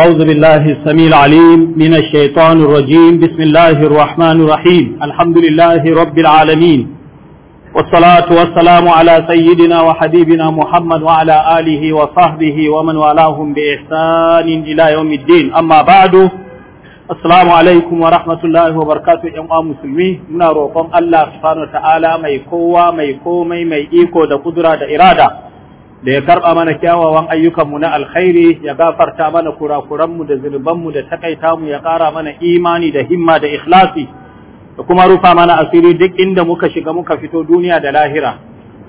أعوذ بالله السميع العليم من الشيطان الرجيم بسم الله الرحمن الرحيم الحمد لله رب العالمين والصلاة والسلام على سيدنا وحبيبنا محمد وعلى آله وصحبه ومن والاهم بإحسان إلى يوم الدين أما بعد السلام عليكم ورحمة الله وبركاته يا مسلمين من روقم الله سبحانه وتعالى ما يكوى ما يكوى ما يكوى دا قدرة دا إرادة da ya karba mana kyawawan ayyukanmu na alkhairi ya gafarta mana kurakuranmu da zunubanmu da takaita mu ya ƙara mana imani da himma da ikhlasi da kuma rufa mana asiri duk inda muka shiga muka fito duniya da lahira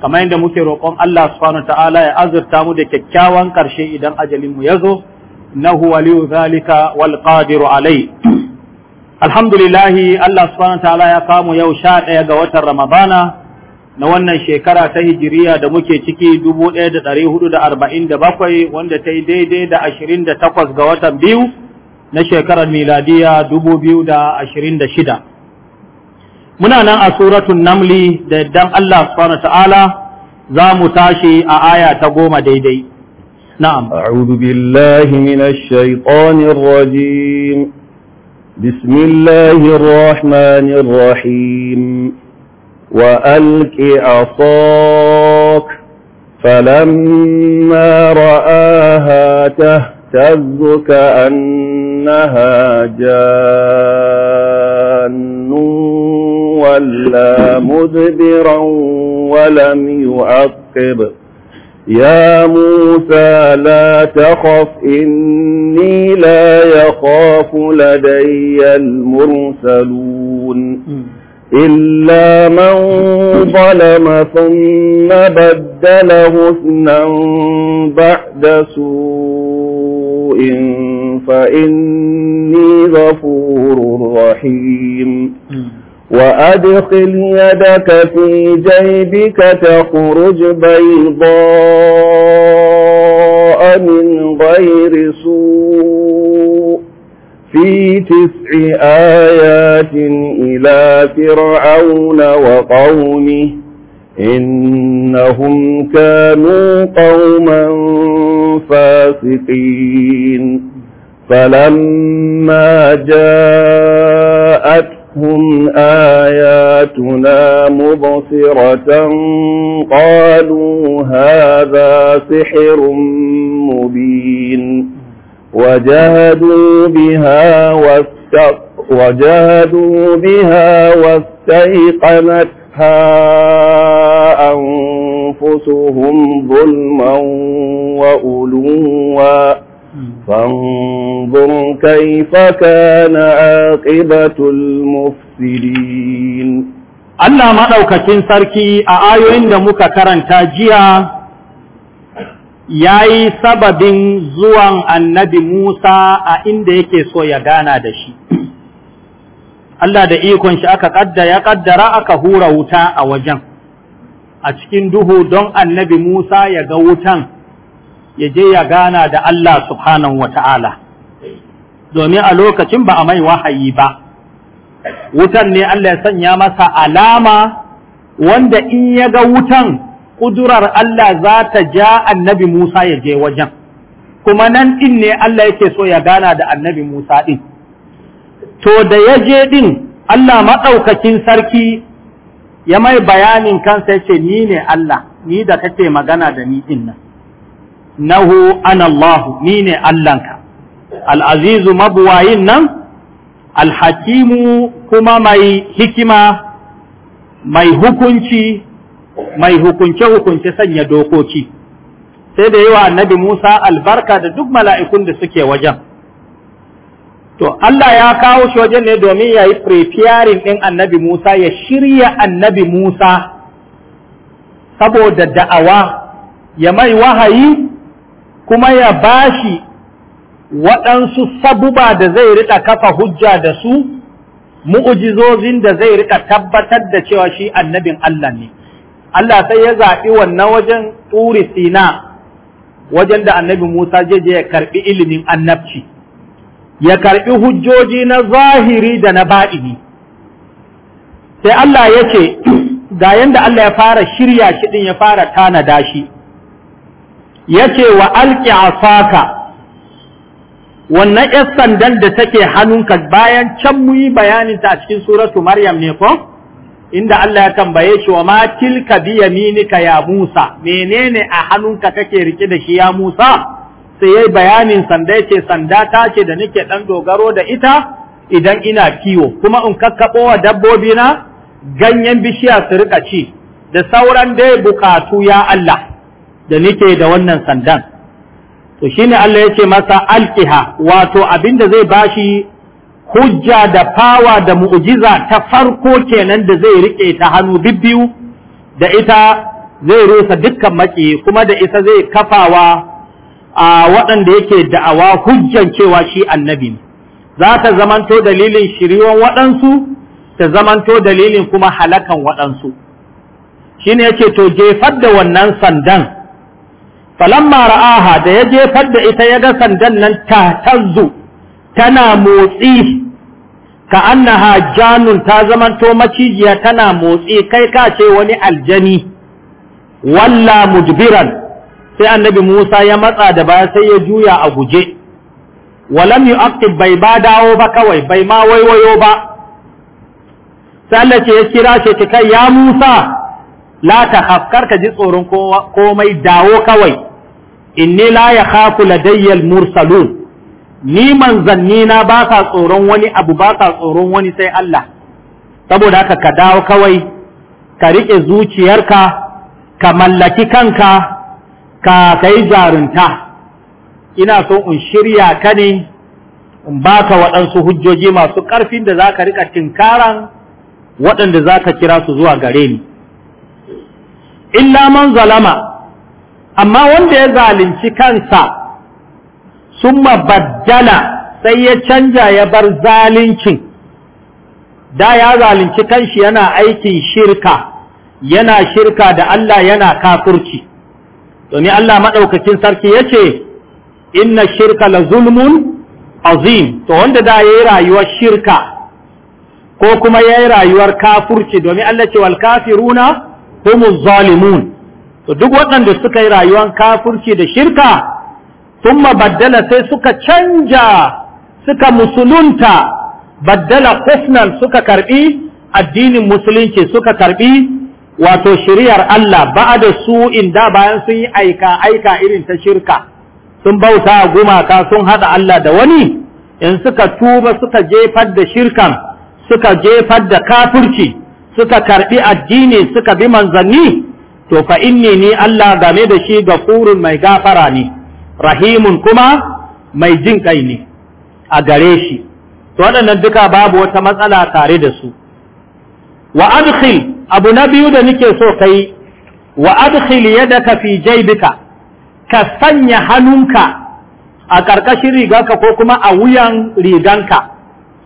kamar yadda muke roƙon Allah subhanahu ta'ala ya azurta mu da kyakkyawan ƙarshe idan ajalin mu yazo nahu waliyu zalika wal qadiru alai alhamdulillah Allah subhanahu ta'ala ya kamu yau sha ɗaya ga watan Ramadana na wannan shekara ta hijiriya da muke ciki 1447 wanda ta yi daidai da 28 ga watan biyu na shekarar miladiya 2026 muna nan a suratun namli da dan Allah subhanahu ta'ala za mu tashi a aya ta goma daidai na'am a'udhu billahi minash shaitanir rajim bismillahir rahmanir rahim وألق عصاك فلما رآها تهتز كأنها جان ولا مدبرا ولم يعقب يا موسى لا تخف إني لا يخاف لدي المرسلون إلا من ظلم ثم بدل حسنا بعد سوء فإني غفور رحيم وأدخل يدك في جيبك تخرج بيضاء من غير في تسع آيات إلى فرعون وقومه إنهم كانوا قوما فاسقين فلما جاءتهم آياتنا مبصرة قالوا هذا سحر مبين وجاهدوا بها وجاهدوا بها واستيقنتها أنفسهم ظلما وألوا فانظر كيف كان عاقبة المفسدين Allah maɗaukakin sarki a ayoyin da muka karanta jiya ya yi sababin zuwan annabi Musa a inda yake so ya gana da shi. Allah da ikon shi aka ƙadda ya ƙaddara aka hura wuta a wajen, a cikin duhu don annabi Musa ya ga wutan ya je ya gana da Allah subhanahu wa ta'ala, domin a lokacin ba a mai wahayi ba, wutan ne Allah ya sanya masa alama wanda in ya ga wutan Kudurar Allah za ta ja annabi Musa ya je wajen, kuma nan ɗin ne Allah yake so ya gana da annabi Musa ɗin. To da ya je ɗin Allah maɗaukakin sarki ya mai bayanin kansa ya ce, Ni ne Allah, ni da kake magana da ni ɗin nan. Nahu an Allahu, ni ne Allahnka, al'azizu mabuwayin nan, alhakimu kuma mai hikima, mai hukunci, mai hukunce-hukunce sanya dokoki, sai da yawa annabi Musa albarka da duk mala'ikun da suke wajen. To, Allah ya kawo shi wajen ne domin ya yi prefiyarin ɗin annabi Musa, ya shirya annabi Musa saboda da'awa, ya mai wahayi kuma ya bashi waɗansu sabuba da zai riƙa kafa hujja da su, mu'ujizozin da zai riƙa tabbatar da cewa shi annabin Allah ne. Allah sai ya zaɓi wannan wajen turi sina wajen da annabi Musa je ya karɓi ilimin annabci ya karɓi hujjoji na zahiri da na ba'ini. sai Allah ya ce ga yadda Allah ya fara shirya shi ɗin ya fara tanada shi ya ce wa alƙi asaka wannan ‘yan sandan da take hannun ka bayan can muyi bayaninta a cikin suratu Maryam ne ko? inda Allah ya tambaye shi wa ma tilka bi yaminika ya Musa menene a hannunka kake rike da shi ya Musa sai yayi bayanin sanda yake sanda ta ce da nake dan dogaro da ita idan ina kiwo kuma in kakkabo wa dabbobi na ganyen bishiya su rika ci da sauran dai bukatu ya Allah da nake da wannan sandan to shine Allah yace masa alkiha wato abinda zai bashi hujja da fawa da mu'jiza ta farko kenan da zai rike ta hannu bibbiyu da ita zai rusa dukkan maki kuma da ita zai kafawa a waɗanda yake da'awa hujjan cewa shi annabi za ta zamanto dalilin shiriwan waɗansu ta zamanto dalilin kuma halakan waɗansu ne yace to jefar da wannan sandan falamma ra'aha da ya jefar da ita ya ga sandan nan ta tazzu tana motsi ka annaha janun ta zamanto macijiya tana motsi kai ka ce wani aljani walla mudbiran sai annabi Musa ya matsa da baya sai ya juya a guje walam yu'aqib bai ba dawo ba kawai bai ma waiwayo ba sai Allah ce ya kira shi ta kai ya Musa la ta hafkar ka ji tsoron komai dawo kawai inni la yakhafu ladayya al-mursalun ni manzanni na ba sa tsoron wani abu ba sa tsoron wani sai Allah saboda haka ka dawo kawai ka riƙe zuciyarka ka mallaki kanka ka kai jarunta ina so in shirya ka ne in ba ka waɗansu hujjoji masu ƙarfin da za ka riƙa tinkaran waɗanda za ka kira su zuwa gare ni illa man zalama amma wanda ya zalunci kansa summa baddala sai ya canja ya bar zalincin da ya zalunci kanshi yana aikin shirka yana shirka da Allah yana kafurci domin Allah madaukakin sarki ya ce inna shirka la zulmun azim to wanda da ya yi rayuwar shirka ko kuma ya yi rayuwar kafurci domin Allah ce wal kafiruna humu zalimun to duk waɗanda suka yi rayuwar kafurci da shirka thumma baddala sai suka canza suka musulunta baddala kufnan suka karɓi addinin musulunci suka karɓi wato shiriyar Allah da su da bayan sun yi aika aika irin ta shirka sun bauta gumaka sun hada Allah da wani in suka tuba suka jefar da shirkan suka jefar da kafirci suka karbi addini suka bi manzanni to fa inni ni Allah game da shi gafurun mai gafara ne rahimun kuma mai jin kai ne a gare shi to waɗannan duka babu wata matsala tare da su wa adkhil abu na biyu da nake so kai wa adkhil yadaka fi jaybika ka sanya hannunka a ƙarƙashin riganka ko kuma a wuyan riganka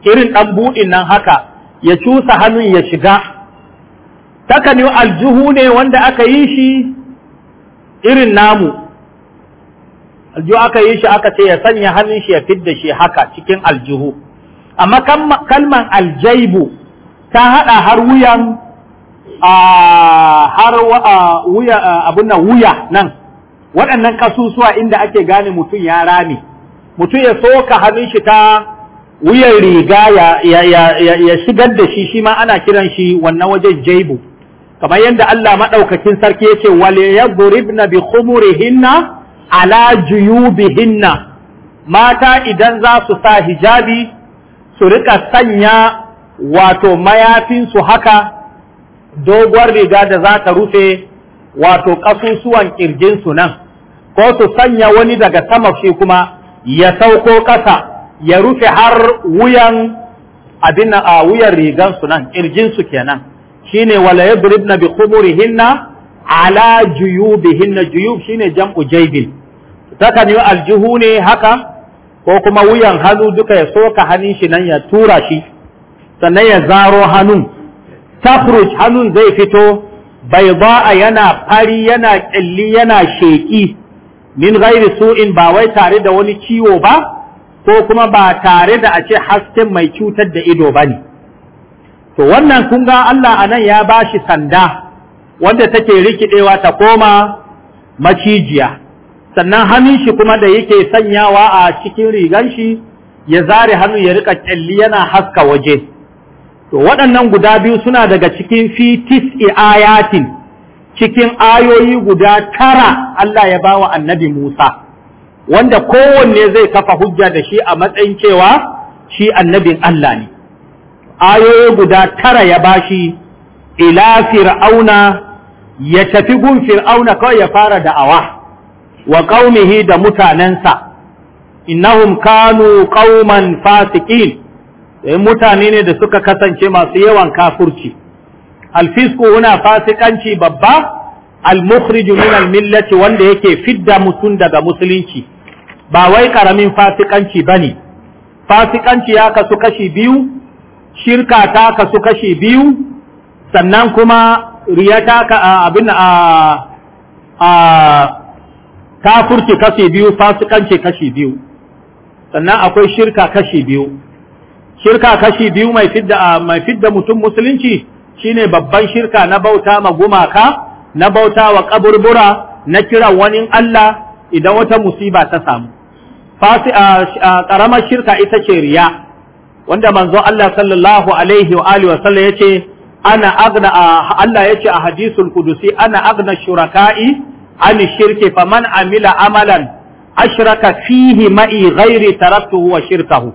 irin ɗan buɗin nan haka ya cusa hannun ya shiga takani aljuhu ne wanda aka yi shi irin namu Aljuhu aka yi shi aka ce ya sanya hannun shi ya fidda shi haka cikin aljihu amma kalman aljaibu ta haɗa har wuyan har wuya nan wuya nan waɗannan kasusuwa inda ake gane mutum ya rame mutum ya soka hannun shi ta wuyan riga ya shigar da shi shi ma ana kiran shi wannan wajen jaibu kamar yadda Allah maɗaukakin sarki ya ce wale ya bi khumurihinna ala juyubihinna mata idan za su sa hijabi su rika sanya wato mayafinsu haka doguwar riga da za ta rufe wato ƙasusuwan ƙirjinsu nan ko su sanya wani daga sama shi kuma ya sauko ƙasa ya rufe har wuyan abin a wuyan rigansu nan ƙirjinsu kenan shine wala yadribna bi khumurihinna ala juyubihinna juyub shine jam'u jaybil takan yi aljihu ne haka ko kuma wuyan hannu duka ya soka hannun shi nan ya tura shi sannan ya zaro hannun tafruj hannun zai fito bai ba a yana fari yana ƙilli yana sheƙi min gairi in ba wai tare da wani ciwo ba ko kuma ba tare da a ce hasken mai cutar da ido ba ne to wannan kun ga Allah a nan ya ba shi sanda wanda take rikidewa ta koma macijiya sannan hannun shi kuma da yake sanyawa a cikin rigar shi ya zare hannu ya rika kyalli yana haska waje to waɗannan guda biyu suna daga cikin fitis iayatin, ayatin cikin ayoyi guda tara Allah ya bawa annabi Musa wanda kowanne zai kafa hujja da shi a matsayin cewa shi annabin Allah ne ayoyi guda tara ya bashi ila fir'auna ya tafi gun fir'auna kawai ya fara da'awa wa ƙaumihi da mutanensa innahum kanu qauman fasiqin eh, mutane ne da suka kasance masu yawan kafurci alfisku huna fasikanci babba almukhriju min almillati wanda yake fidda mutum daga musulunci ba wai ƙaramin fasikanci bane fasikanci ya kasu kashi biyu shirka ta kasu kashi biyu sannan kuma riya ta ka abin a kafurci kashi biyu fasikanci kashi biyu sannan akwai shirka kashi biyu shirka kashi biyu mai fidda mai fidda mutum musulunci shine babban shirka na bauta ma gumaka na bauta wa kaburbura na kiran wani Allah idan wata musiba ta samu fasi a karamar shirka ita ce riya wanda manzo Allah sallallahu alaihi wa alihi wa sallam yace ana agna Allah yace a hadisul qudusi ana agna shuraka'i an shirki faman amila amalan ashraka fihi ma'i ghairi taraktuhu wa shirkahu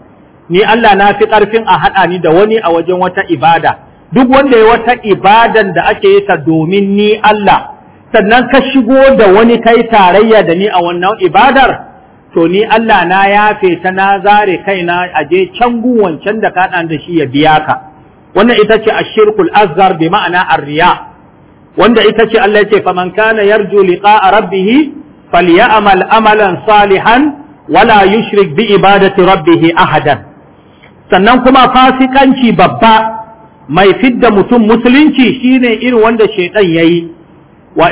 ni Allah na fi karfin a haɗa ni da wani a wajen wata ibada duk wanda ya wata ibadan da ake yi ta domin ni Allah sannan ka shigo da wani kai tarayya da ni a wannan ibadar to ni Allah na yafe ta na zare kaina a je can wancan da ka da shi ya biya ka wannan ita ce shirkul azhar bi ma'ana arriya wanda ita ce Allah ya ce faman kana yarju liqa'a rabbih falyamal amalan salihan wala yushrik bi ibadati rabbih ahadan sannan kuma fasikanci babba mai fidda mutum musulunci shine irin wanda shaytan yayi wa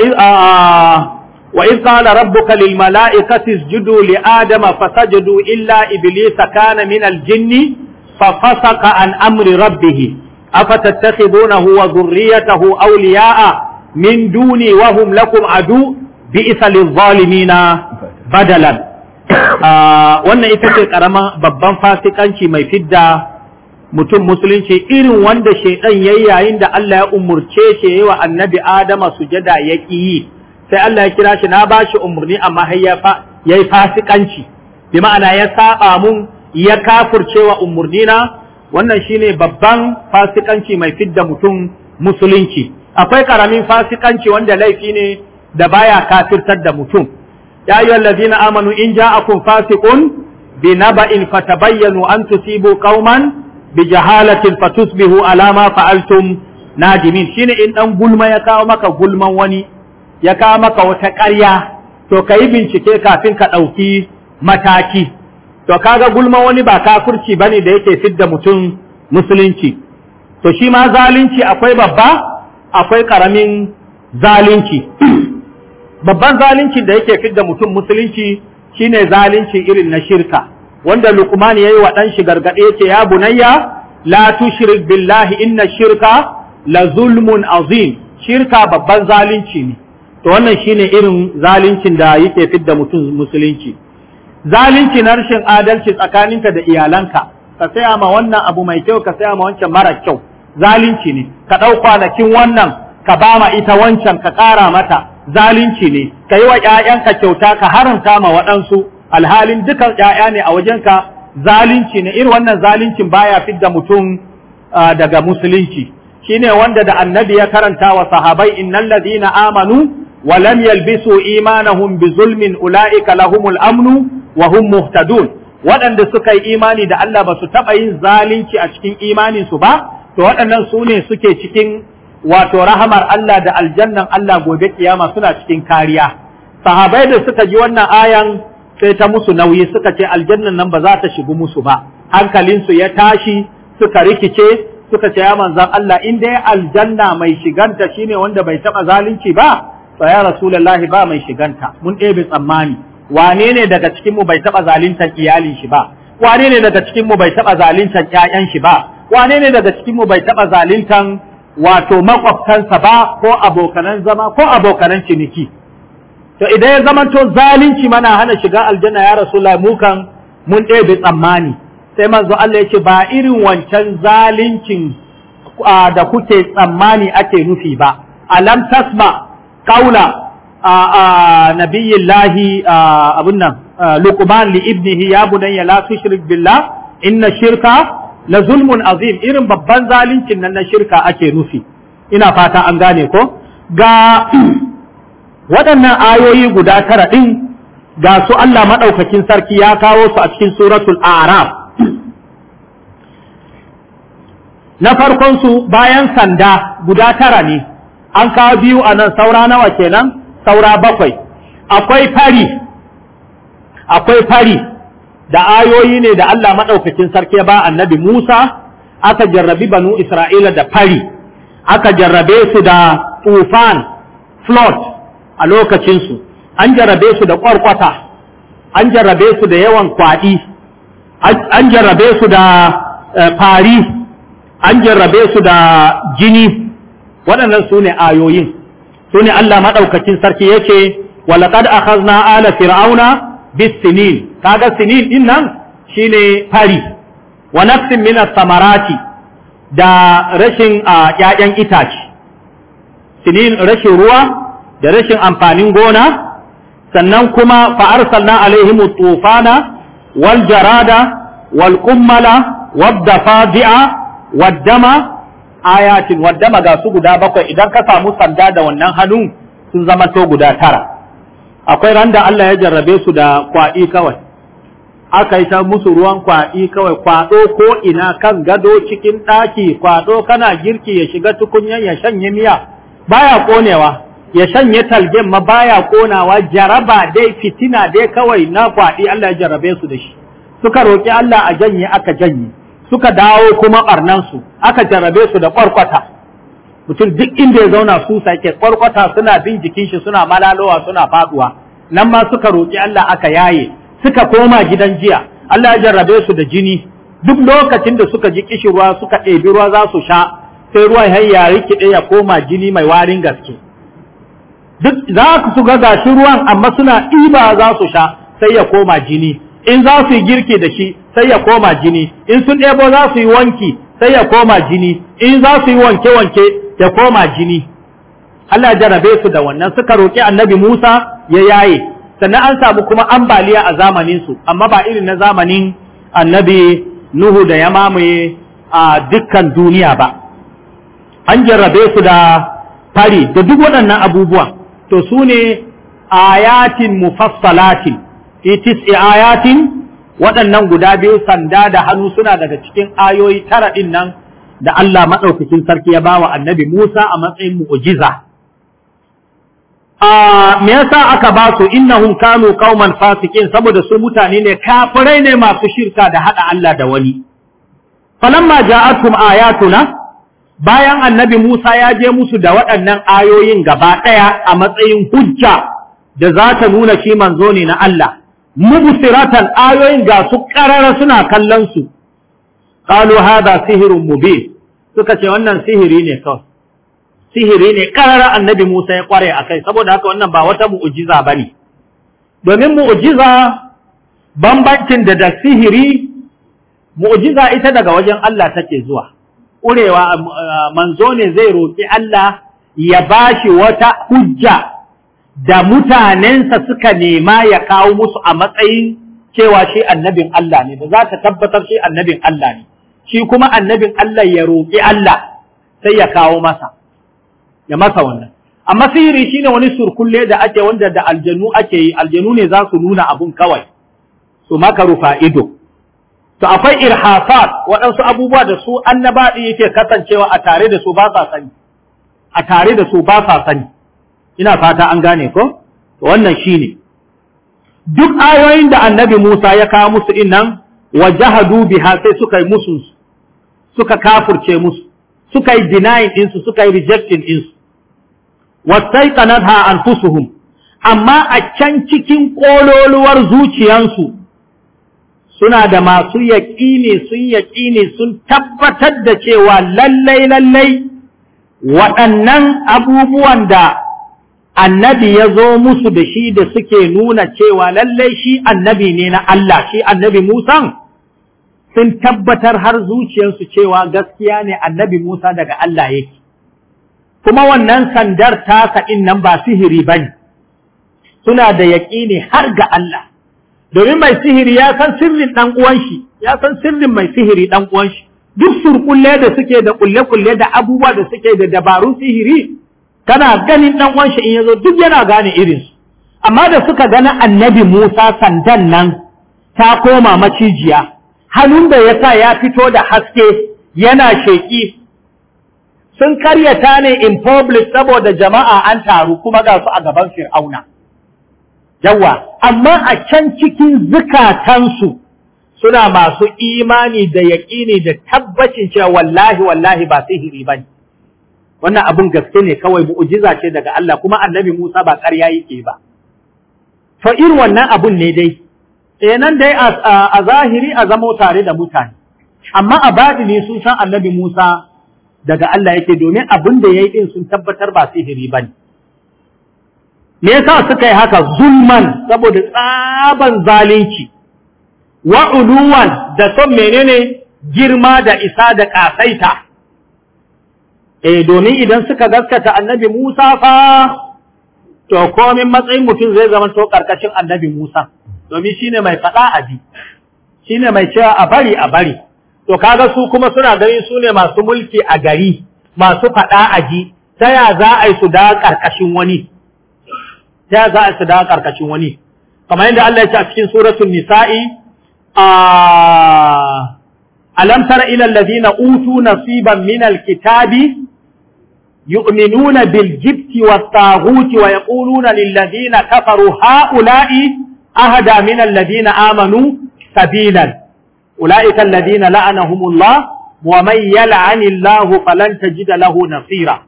wa in qala rabbuka lil mala'ikati isjudu li adama fasajadu illa iblisa kana min al jinni fafasaka an amri rabbih afatattakhidunahu wa dhurriyyatahu awliya'a min duni wa hum lakum adu bi isalil zalimina badalan ah, wannan ita ce karama babban fasikanci mai fidda mutum musulunci irin wanda shaidan yayi yayin da Allah ya umurce shi yayi wa annabi Adama sujada ya yi sai Allah ya kira shi na bashi umurni amma har ya yayi fasikanci bi ma'ana ya saba mun ya kafurcewa umurnina wannan shine babban fasikanci mai fidda mutum musulunci akwai karamin fasikanci wanda laifi ne da baya kafirtar da mutum ya ayyuhal ladina amanu in ja'akum fasiqun bi naba'in fatabayyanu an tusibu qauman bi jahalatin fatusbihu ala ma fa'altum nadimin shine in dan gulma ya kawo maka gulman wani ya kawo maka wata ƙarya to kayi bincike kafin ka ɗauki mataki to kaga gulma wani ba kafirci bane da yake fidda mutum musulunci to shi ma zalunci akwai babba akwai karamin zalunci babban zalunci da yake fidda mutum musulunci shine zalunci irin na shirka wanda ya yi wa dan shi gargade yake ya bunayya la tushrik billahi inna shirka la zulmun azim shirka babban zalunci ne to wannan shine irin zaluncin da yake fidda mutum musulunci zalunci na rashin adalci tsakaninka da iyalanka ka saya ma wannan abu mai kyau ka saya ma wancan mara kyau zalunci ne ka ɗau kwanakin wannan ka ba ma ita wancan ka ƙara mata zalunci ne ka yi wa ‘ya'yanka kyauta ka haramta ma waɗansu alhalin dukan ‘ya'ya ne a wajenka zalunci ne irin wannan zaluncin baya fidda mutum daga musulunci shine wanda da annabi ya karanta wa sahabai innal ladina amanu wa lam yalbisu imanahum bi zulmin ulaika lahumul amnu wa hum muhtadun waɗanda suka yi imani da Allah ba su taɓa yin zalunci a cikin imaninsu ba to waɗannan su ne suke cikin wato rahamar Allah da aljannan Allah gobe kiyama suna cikin kariya sahabai da suka ji wannan ayan sai ta musu nauyi suka ce aljannan nan ba za ta shigu musu ba hankalinsu ya tashi suka rikice suka ce ya manzan Allah in dai aljanna mai shiganta shine wanda bai taba zalunci ba to ya rasulullahi ba mai shiganta mun ɗebe tsammani wane ne daga cikin mu bai taba zaluntan iyalin shi ba wane ne daga cikin mu bai taba zaluntan ƴaƴan shi ba wane ne daga cikinmu bai taɓa zalintan wato makwabtansa ba ko abokanan zama ko abokanan ciniki to idan ya zamanto zalunci mana hana shiga aljanna ya rasulullah mu kan mun ɗebe tsammani sai manzo Allah ya ce ba irin wancan zalincin da kuke tsammani ake nufi ba alam tasma qaula a nabiyillahi abun nan luqman li ibnihi ya bunayya la tushrik billah inna shirka la zulmun azim irin babban zalincin nan na shirka ake nufi ina fata an gane ko ga waɗannan ayoyi guda tara ɗin ga su Allah maɗaukakin sarki ya kawo su a cikin suratul araf na farkon su bayan sanda guda tara ne an kawo biyu a nan saura nawa kenan saura bakwai akwai fari akwai fari da ayoyi ne da Allah maɗaukakin sarki ba annabi Musa aka jarrabi banu Isra'ila da fari aka jarrabe su da tufan flood a lokacinsu an jarrabe su da ƙwarƙwata an jarrabe su da yawan kwaɗi an jarrabe su da eh, fari an jarrabe su da jini waɗannan su ne ayoyin su Allah maɗaukakin sarki yake walaƙad akhazna ala fir'auna bis sinin kaga sinin din nan shine fari wa nafsin min samarati da rashin a ƴaƴan itace sinin rashin ruwa da rashin amfanin gona sannan kuma fa arsalna alaihim tufana wal jarada wal kummala wad dafadi'a wad dama ayatin wad dama ga su guda bakwai idan ka samu sanda da wannan hannun sun zama to guda tara akwai randa Allah ya jarrabe su da kwaɗi kawai aka yi ta musu ruwan kwaɗi kawai kwaɗo ko ina kan gado cikin ɗaki kwaɗo kana girki ya shiga tukunyan ya shanye miya baya konewa ya shanye talgen ma baya konawa jaraba dai fitina dai kawai na kwaɗi Allah ya jarabe su da shi suka roƙi Allah a janye aka janye suka dawo kuma ɓarnansu aka jarabe su da ƙwarƙwata mutum duk inda ya zauna su sake ƙwarƙwata suna bin jikin shi suna malalowa suna faɗuwa nan ma suka roƙi Allah aka yaye suka koma gidan jiya Allah ya jarrabe su da jini duk lokacin da suka ji kishirwa suka ɗebi ruwa za su sha sai ruwan har ya rikide ya koma jini mai warin gaske duk za su ga gashi ruwan amma suna ɗiba za su sha sai ya koma jini in za su yi girki da shi sai ya koma jini in sun ɗebo za su yi wanki sai ya koma jini in za su yi wanke-wanke ya koma jini Allah jarrabe su da wannan suka roƙi annabi Musa ya yaye sannan an samu kuma ambaliya a zamaninsu amma ba irin na zamanin annabi nuhu da ya mamaye a dukkan duniya ba an jarrabe su da fari da duk waɗannan abubuwa to su ne ayatin mufassalatin itis ayatin waɗannan guda biyu sanda da hannu suna daga cikin ayoyi tara ɗin nan da Allah maɗaukacin sarki ya bawa annabi Musa a matsayin mu'ujiza Ah, me yasa aka ba su innahum kanu qauman fasikin saboda su mutane ne kafirai ne masu shirka da hada Allah da wani falamma ja'atkum ayatuna bayan annabi Musa ya je musu da waɗannan ayoyin gaba daya a matsayin hujja da za ta nuna shi manzo ne na Allah mubsiratan ayoyin ga su suna kallon su qalu hadha sihrun mubin suka ce wannan sihiri ne kawai sihiri ne karara annabi Musa ya kware a kai saboda haka wannan ba wata mu'ujiza ba ne domin mu'ujiza bambancin da da sihiri mu'ujiza ita daga wajen Allah take zuwa ƙurewa manzo ne zai roƙi Allah ya bashi wata hujja da mutanensa suka nema ya kawo musu a matsayin cewa shi annabin Allah ne da za ta tabbatar shi annabin Allah ne shi kuma annabin Allah ya roƙi Allah sai ya kawo masa ya masa wannan amma sihiri shine wani surkulle da ake wanda da aljanu ake yi aljanu ne za su nuna abun kawai su maka rufa ido to akwai irhafat waɗansu abubuwa da su annabaɗi yake kasancewa a tare da su ba sa sani a tare da su ba sa sani ina fata an gane ko to wannan shine duk ayoyin da annabi Musa ya kawo musu innan wa jahadu biha sai suka yi musu suka kafurce musu suka yi denying ɗinsu suka yi rejecting ɗinsu wasai ha anfusuhum amma a can cikin ƙololuwar zuciyansu suna da masu yaƙini sun yaƙini sun tabbatar da cewa lallai lallai waɗannan abubuwan da annabi ya zo musu da shi da suke nuna cewa lallai shi annabi ne na Allah shi annabi Musa. sun tabbatar har zuciyarsu cewa gaskiya ne annabi Musa daga Allah yake. Kuma wannan sandar tasa in nan ba sihiri ba ne, suna da yaƙini har ga Allah. Domin mai sihiri ya san sirrin ɗan uwanshi, ya san sirrin mai sihiri ɗan uwanshi. Duk surkulle da suke da kulle-kulle da abubuwa da suke da dabarun sihiri, kana ganin ɗan uwanshi in yazo duk yana gane su. Amma da suka gana annabi Musa sandan nan ta koma macijiya. hannun da ya sa ya fito da haske yana sheƙi sun karyata ne in public saboda jama'a an taru kuma ga su a gaban fir'auna yawa amma a can cikin zukatansu suna masu imani da yaƙini da tabbacin cewa wallahi wallahi ba sihiri ba ne wannan abin gaske ne kawai mu'ujiza ce daga Allah kuma annabi Musa ba ƙarya yake ba to irin wannan abun ne dai E nan dai a zahiri a zamo tare da mutane amma a ne sun san annabi Musa daga Allah yake domin abin da ya yi din sun tabbatar ba sihiri ne. me yasa suka yi haka zulman saboda tsaban zalunci wa uluwan da son menene girma da isa da ƙasaita eh domin idan suka gaskata annabi Musa fa to komin matsayin mutum zai zama to ƙarƙashin annabi Musa domin shine mai faɗa a abi shine mai cewa a bari a bari to kaga su kuma suna ganin su ne masu mulki a gari masu faɗa a ji, ta ya za a yi su da ƙarƙashin wani ta ya za a yi su da ƙarƙashin wani kamar yadda Allah ya ce a cikin suratul nisa'i a alam tara ila alladhina utu nasiban min alkitabi yu'minuna bil jibti was taghuti wa yaquluna lil ladina kafaru ha'ula'i ahada min alladhina amanu sabilan ulaika Ladina la'anahumullah wa man yal'anillahu falan tajida nasira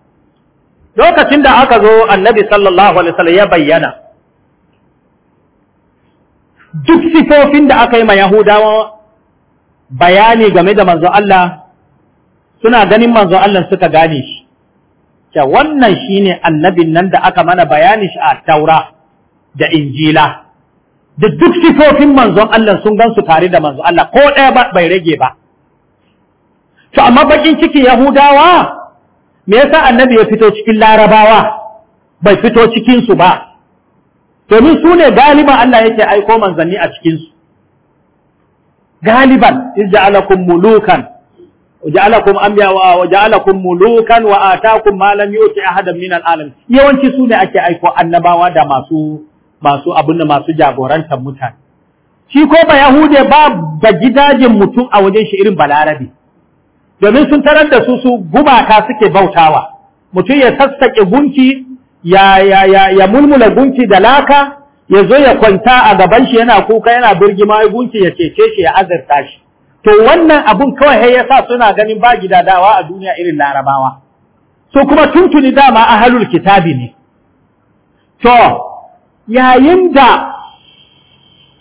lokacin da aka zo annabi sallallahu alaihi ya bayyana duk sifofin da aka yi ma yahudawa bayani game da manzo Allah suna ganin manzo Allah suka gane shi ce wannan shine annabin nan da aka mana bayani shi a Taura da Injila da duk sifofin manzon Allah sun gansu tare da manzon Allah ko ɗaya bai rage ba to amma bakin cikin Yahudawa me yasa annabi ya fito cikin Larabawa bai fito cikinsu su ba domin su ne galiban Allah yake aiko manzanni a cikin su galiban izja'alakum mulukan ja'alakum anbiya wa ja'alakum mulukan wa atakum ma lam yuti ahadan min al'alamin yawanci su ne ake aiko annabawa da masu masu abin da masu jagorantar mutane shi ko ba yahude ba ba gidajen mutum a wajen shi irin balarabe domin sun tarar da su su gubata suke bautawa mutum ya sassaƙe gunki ya mulmula gunki da laka ya zo ya kwanta a gaban shi yana kuka yana birgi ma, gunki ya cece shi ya azarta shi to wannan abun kawai ya sa suna ganin ba gidadawa a duniya irin larabawa To kuma tuntuni dama ahalul kitabi ne to yayin da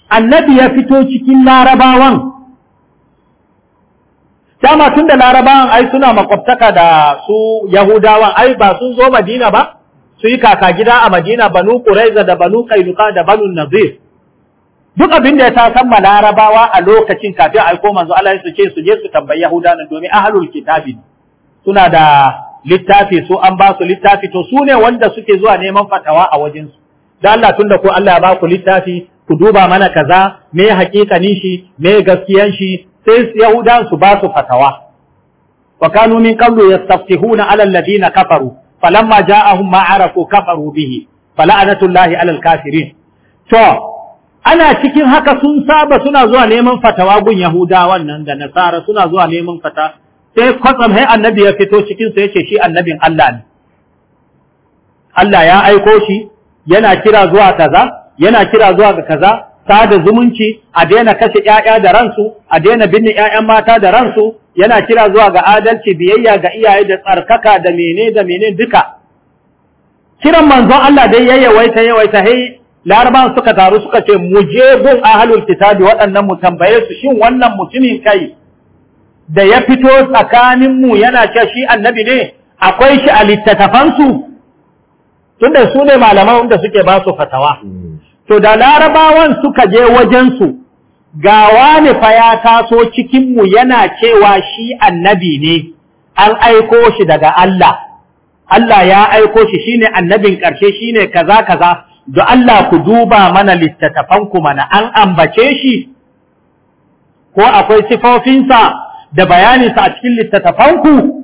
annabi ya fito cikin larabawan dama tun da larabawan ai suna makwabtaka da su yahudawan ai ba sun zo madina ba su yi kaka gida a madina banu ƙuraiza da banu kainuka da banu nazir duk abin da ya ta ma larabawa a lokacin kafin aiko manzo Allah su ce su je su tambayi yahudawan domin ahlul kitabi suna da littafi su an ba su littafi to su ne wanda suke zuwa neman fatawa a wajensu da Allah da ko Allah ya ba ku littafi ku duba mana kaza me haƙiƙanin shi me gaskiyan shi sai yahudan su ba su fatawa wa kanu min qablu yastafihuna ala alladhina kafaru falamma ja'ahum ma arafu kafaru bihi fala'anatullahi ala alkafirin to ana cikin haka sun saba suna zuwa neman fatawa gun yahudawan nan da nasara suna zuwa neman fata sai kwatsam sai annabi ya fito cikin sa yace shi annabin Allah ne Allah ya aiko shi yana kira zuwa kaza yana kira zuwa ga kaza sada zumunci a daina kashe ƴaƴa da ransu a daina binne ƴaƴan mata da ransu yana kira zuwa ga adalci biyayya ga iyaye da tsarkaka da mene da mene duka kiran manzon Allah dai ya yawaita yawaita hai laraban suka taru suka ce mu je gun ahlul kitabi waɗannan mu tambaye su shin wannan mutumin kai da ya fito tsakanin mu yana cewa shi annabi ne akwai shi a littattafansu tunda su ne malaman wanda suke ba su fatawa to da larabawan suka je wajensu ga wani fa ya taso cikinmu yana cewa shi annabi ne an aiko shi daga Allah Allah ya aiko shi shine annabin ƙarshe shine kaza kaza Do Allah ku duba mana littattafanku mana an ambace shi ko akwai sifofinsa da bayaninsa a cikin littattafanku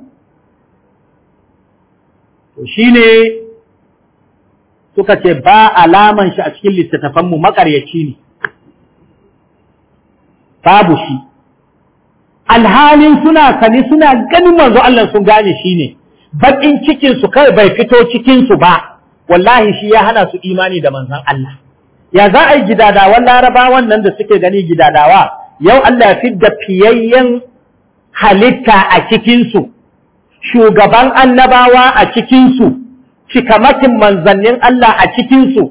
shine suka ce ba alaman shi a cikin littattafanmu makaryaci ne babu shi alhalin suna sani suna ganin manzo Allah sun gane shi ne bakin cikin su kai bai fito cikinsu ba wallahi shi ya hana su imani da manzon Allah ya za a yi gidadawan larabawan nan da suke gani gidadawa yau Allah ya fidda fiyayyen halitta a cikinsu, shugaban annabawa a cikinsu, cikamakin manzannin Allah a cikinsu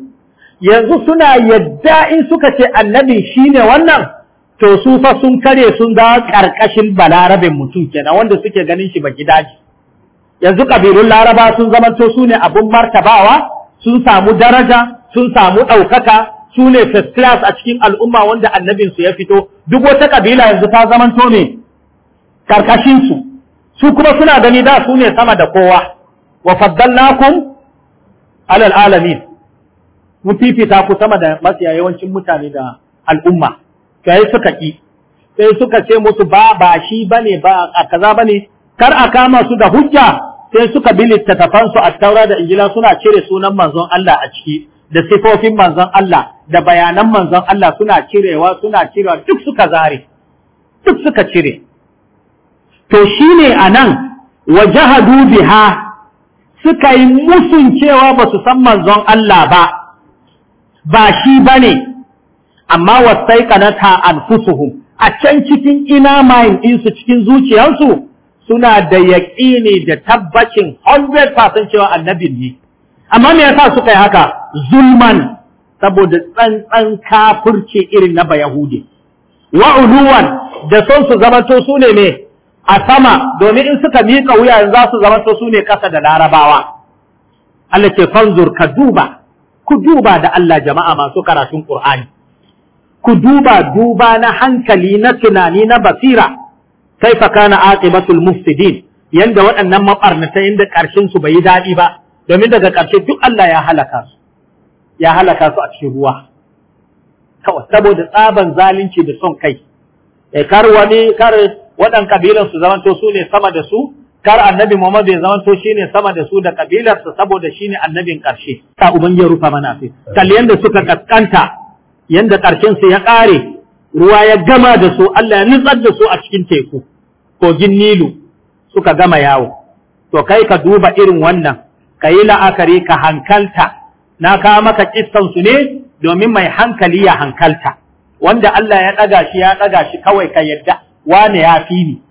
yanzu suna yadda in suka ce annabi shi ne wannan to su fa sun kare sun za ƙarƙashin balarabin mutum kenan wanda suke ganin shi baki daji yanzu ƙabilun laraba sun zamanto su ne abin martabawa sun samu daraja sun samu ɗaukaka su ne first class a cikin al'umma wanda annabinsu ya fito duk wata ƙabila yanzu ta zamanto ne ƙarƙashinsu su kuma suna gani da su ne sama da kowa wa faddalnakum ala alamin mun fifita ku sama da masiya yawancin mutane da al'umma sai suka ki sai suka ce musu ba ba shi bane ba a kaza bane kar a kama su da hujja sai suka bi littattafansu. su a taura da injila suna cire sunan manzon Allah a ciki da sifofin manzon Allah da bayanan manzon Allah suna cirewa suna cirewa duk suka zare duk suka cire to shine anan wajahadu biha suka yi musun cewa ba su san manzon Allah ba ba shi ba ne amma wasai kanata anfusuhum a can cikin ina mayin ɗinsu cikin zuciyarsu suna da yaƙini da tabbacin 100% cewa annabin ne amma me yasa suka yi haka zulman saboda tsantsan kafirce irin na ba Yahudi, wa’uluwan da son su zamanto su ne me a sama domin in suka miƙa wuya za su zama su ne kasa da larabawa Allah ce fanzur ka duba ku duba da Allah jama'a masu karatun ƙur'ani ku duba duba na hankali na tunani na basira na kana aqibatul mufsidin yanda waɗannan mabarnata inda ƙarshen su bai yi daɗi ba domin daga ƙarshe duk Allah ya halaka su ya halaka su a cikin ruwa kawai saboda tsaban zalunci da son kai eh, kar wani kar waɗan kabilan su zamanto su ne sama da su kar annabi Muhammad bai zamanto shine sama da su da kabilarsa saboda shine annabin ƙarshe ta ubangiji rufa mana sai yanda suka kaskanta yanda karshen su ya ƙare ruwa ya gama da su Allah ya nutsar da su a cikin teku kogin Nilu suka gama yawo to kai ka duba irin wannan ka yi la'akari ka hankalta na kawo maka kissan su ne domin mai hankali ya hankalta wanda Allah ya ɗaga shi ya ɗaga shi kawai ka yadda wane ya fi ni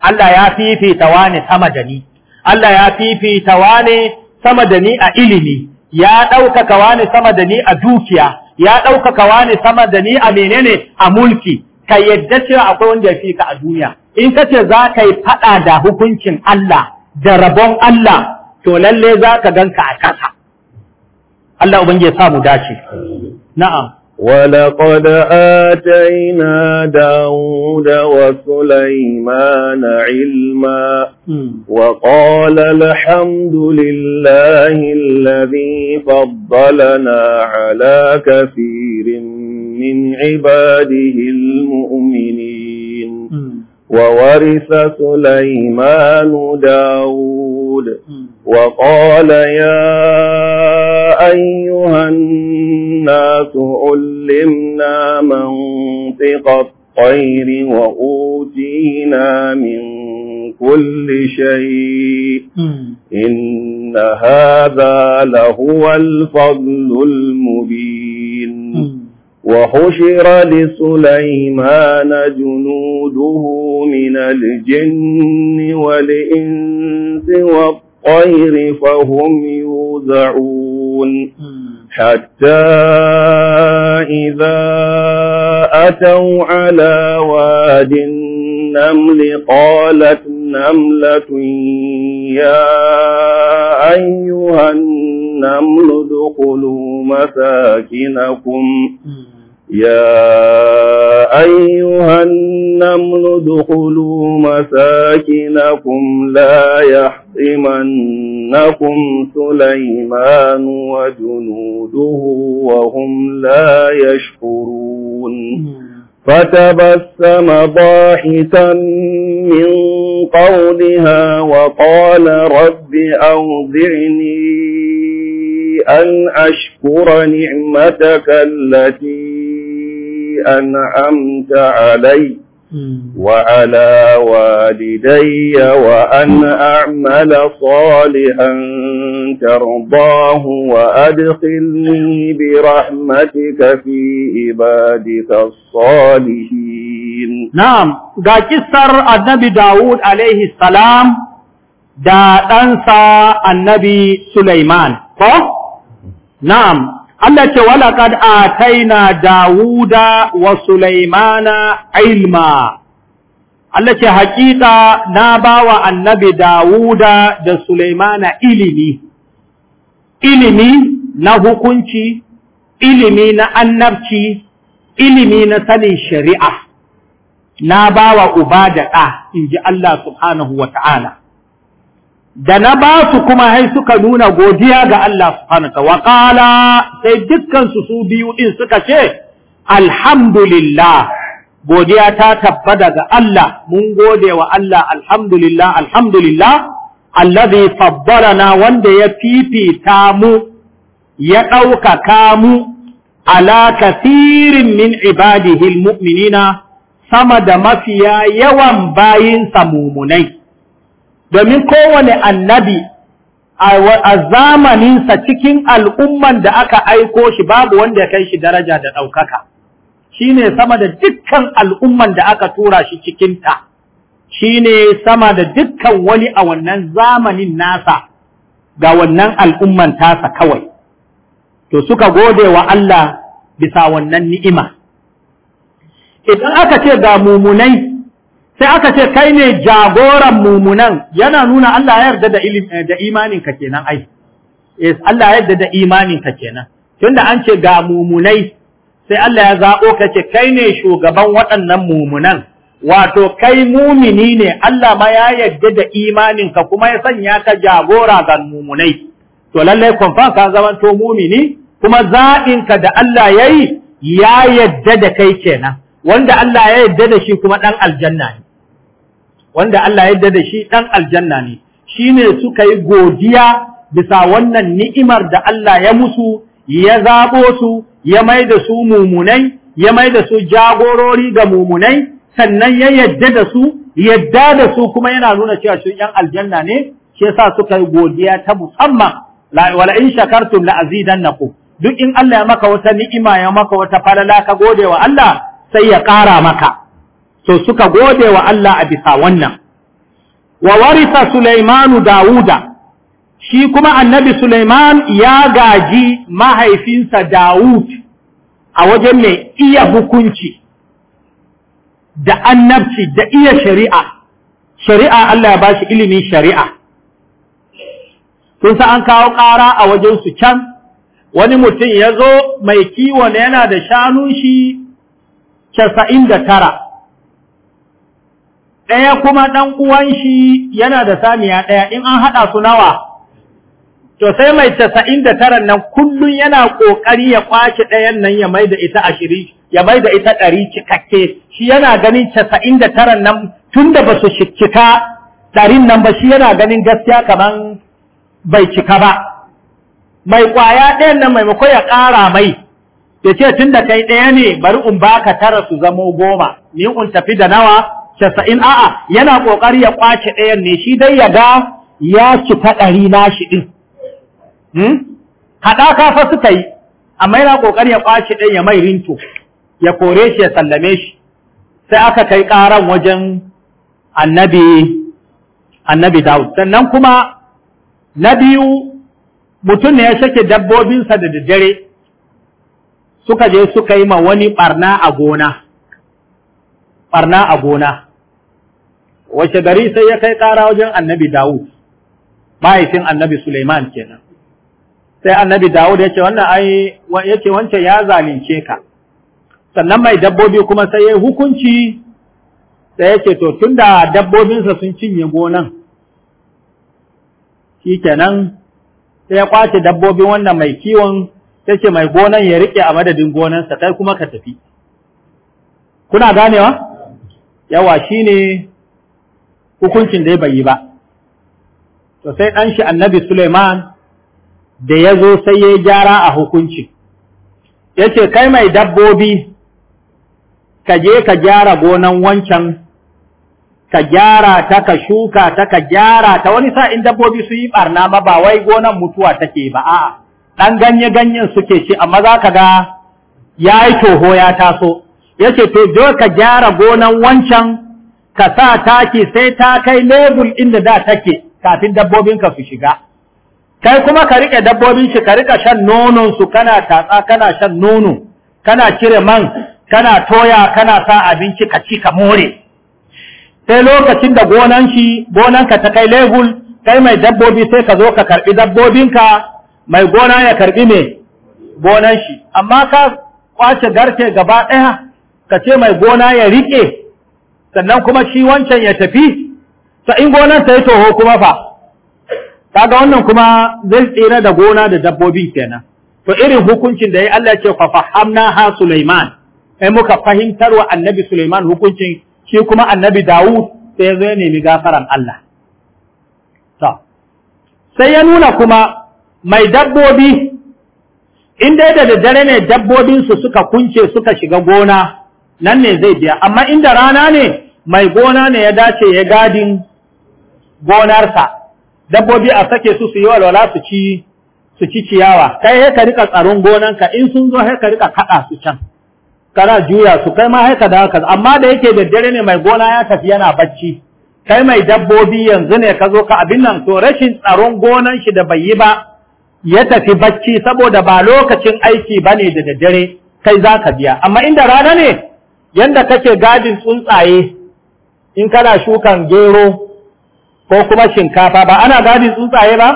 Allah ya fifita wane sama da ni Allah ya fifita wane sama da ni a ilimi ya ɗaukaka wane sama da ni a dukiya ya ɗaukaka wane sama da ni a menene a mulki ka yadda cewa akwai wanda ya fi ka a duniya in ka ce za ka yi faɗa da hukuncin Allah da rabon Allah to lalle za ka ganka a ƙasa Allah ubangiji ya sa mu dace na'am ولقد آتينا داود وسليمان علما وقال الحمد لله الذي فضلنا على كثير من عباده المؤمنين وورث سليمان داود وقال يا أيها الناس علمنا منطق الطير وأوتينا من كل شيء إن هذا لهو الفضل المبين وحشر لسليمان جنوده من الجن والإنس والطير الطير فهم يوزعون حتى إذا أتوا على واد النمل قالت نملة يا أيها النمل ادخلوا مساكنكم يا أيها النمل ادخلوا مساكنكم لا يحفظون ليحطمنكم سليمان وجنوده وهم لا يشكرون فتبسم ضاحكا من قولها وقال رب أوضعني أن أشكر نعمتك التي أنعمت عليّ وعلى والدي وأن أعمل صالحا ترضاه وأدخلني برحمتك في عبادك الصالحين نعم دا كسر النبي داود عليه السلام دا أنسى النبي سليمان صح؟ نعم Allah ce wala kad ataina Dawuda wa Sulaimana ilma Allah ce hakika na bawa annabi Dawuda da Sulaimana ilimi ilimi na hukunci ilimi na annabci ilimi na sanin shari'a na bawa uba da ɗa inji Allah subhanahu wa ta'ala da na ba su kuma hai suka nuna godiya ga Allah subhanahu wa qala sai dukkan su su biyu din suka ce alhamdulillah godiya ta tabbata ga Allah mun gode wa Allah alhamdulillah alhamdulillah alladhi faddalana wanda ya fifita mu ya ɗaukaka mu ala kasirin min ibadihi almu'minina sama da mafiya yawan bayinsa mumunai domin kowane annabi a zamaninsa cikin al'umman da aka aiko shi babu wanda ya kai shi daraja da ɗaukaka shi ne sama da dukkan al'umman da aka tura shi cikinta shi ne sama da dukkan wani a wannan zamanin nasa ga wannan al'umman tasa kawai to suka gode wa Allah bisa wannan ni'ima idan aka ce ga mumunai sai aka ce kai ne jagoran mumunan yana nuna Allah ya yarda da eh, da imanin ka kenan ai yes eh, Allah ya yarda da imanin ka kenan tunda an ce ga mumunai sai Allah ya zabo ka ce kai ne shugaban waɗannan mumunan wato kai mumini ne Allah ma ya yarda da imanin ka kuma ya sanya ka jagora ga mumunai to lallai fa ka zaman to mumini kuma zaɓin ka da Allah yayi ya yarda da kai kenan wanda Allah ya yarda da shi kuma ɗan aljanna ne wanda Allah ya da shi ɗan aljanna ne shi ne suka yi godiya bisa wannan ni'imar da Allah ya musu ya zaɓo su ya mai da su mumunai ya mai da su jagorori ga mumunai sannan ya yadda da su yadda da su kuma yana nuna cewa su ‘yan aljanna ne shi sa suka yi godiya ta musamman wala in shakartum la azidannakum duk in Allah ya maka wata ni'ima ya maka wata falala ka gode wa Allah sai ya ƙara maka so suka gode wa Allah a bisa wannan wa warisa Sulaimanu Dawuda shi kuma annabi Sulaiman ya gaji mahaifinsa Dawud a wajen mai iya hukunci da annabci da iya shari'a shari'a Allah ya bashi ilimin shari'a sa an kawo ƙara a wajen su can wani mutum ya zo mai kiwon yana da shanun shi casa'in da tara ɗaya kuma ɗan uwan shi yana da saniya ɗaya in an haɗa su nawa to sai mai casa'in da taran nan kullum yana ƙoƙari ya ƙwace ɗayan nan ya mai da ita ashirin ya mai da ita ɗari cikakke shi yana ganin casa'in da taran nan tun da ba su cika ɗarin nan ba shi yana ganin gaskiya kaman bai cika ba mai ƙwaya ɗayan nan maimakon ya ƙara mai ya ce tun da kai ɗaya ne bari in baka tara su zamo goma ni in tafi da nawa casa'in a'a yana ƙoƙari ya ƙwace ɗayan ne shi dai ya ga ya ci faɗari na shi ɗin hmm? haɗaka fa suka yi amma yana ƙoƙari ya ƙwace ɗayan ya mai rinto ya kore shi ya sallame shi sai aka kai ƙaran wajen annabi annabi Dawud sannan kuma na biyu mutum ne ya sake dabbobinsa da daddare suka je suka yi ma wani ɓarna a gona ɓarna a gona wace gari sai ya kai ƙara wajen annabi Dawud, mahaifin annabi Suleiman kenan. Sai annabi Dawud ya ce wannan ai ya ce wancan ya zalunce ka. Sannan mai dabbobi kuma sai ya hukunci sai ya ce to tunda dabbobinsa sun cinye gonan. Shi kenan sai ya kwace dabbobin wannan mai kiwon sai ce mai gonan ya riƙe a madadin gonansa kai kuma ka tafi. Kuna ganewa? Yawa shine hukuncin da ya bai yi ba to sai ɗan shi annabi Suleiman da ya zo sai ya gyara a hukunci ya ce kai mai dabbobi ka je ka gyara gonan wancan ka gyara ta ka shuka ta ka gyara ta wani sa in dabbobi su yi barna ba ba wai gonan mutuwa take ba a'a ɗan ganye ganyen suke ci amma za ka ga ya yi toho ya taso ya ce to je ka gyara gonan wancan ka sa taki sai ta kai lebul inda da take kafin dabbobinka su shiga kai kuma ka riƙe dabbobin shi ka riƙa shan nonon su kana tatsa kana shan nono kana cire man kana toya kana sa abinci ka ci ka more sai lokacin da gonan shi gonanka ta kai lebul kai mai dabbobi sai ka zo ka karbi dabbobinka mai gona ya karbi me gonan shi amma ka kwace garke gaba ɗaya ka ce mai gona ya riƙe sannan kuma shi wancan ya tafi sa in gonar ta yi toho kuma fa kaga wannan kuma zai tsira da gona da dabbobi kenan to irin hukuncin da ya Allah ce fa fahamna ha Sulaiman ai muka fahimtar wa annabi Sulaiman hukuncin shi kuma annabi Dawud sai zai nemi gafaran Allah to sai ya nuna kuma mai dabbobi in dai da daddare ne dabbobinsu suka kunce suka shiga gona nan ne zai biya amma inda rana ne mai gona ne ya dace ya gadin gonarsa dabbobi a sake su su yi walwala su ci su ci ciyawa kai ya ka rika tsaron gonanka in sun zo haika rika kaɗa su can kana juya su kai ma haika da haka, amma da yake da dare ne mai gona ya tafi yana bacci kai mai dabbobi yanzu ne ka zo ka abin nan to rashin tsaron gonan shi da bai yi ba ya tafi bacci saboda ba lokacin aiki ba ne da daddare kai za ka biya amma inda rana ne yanda kake gadin tsuntsaye in kana shukan gero ko kuma shinkafa ba ana gadi tsuntsaye ba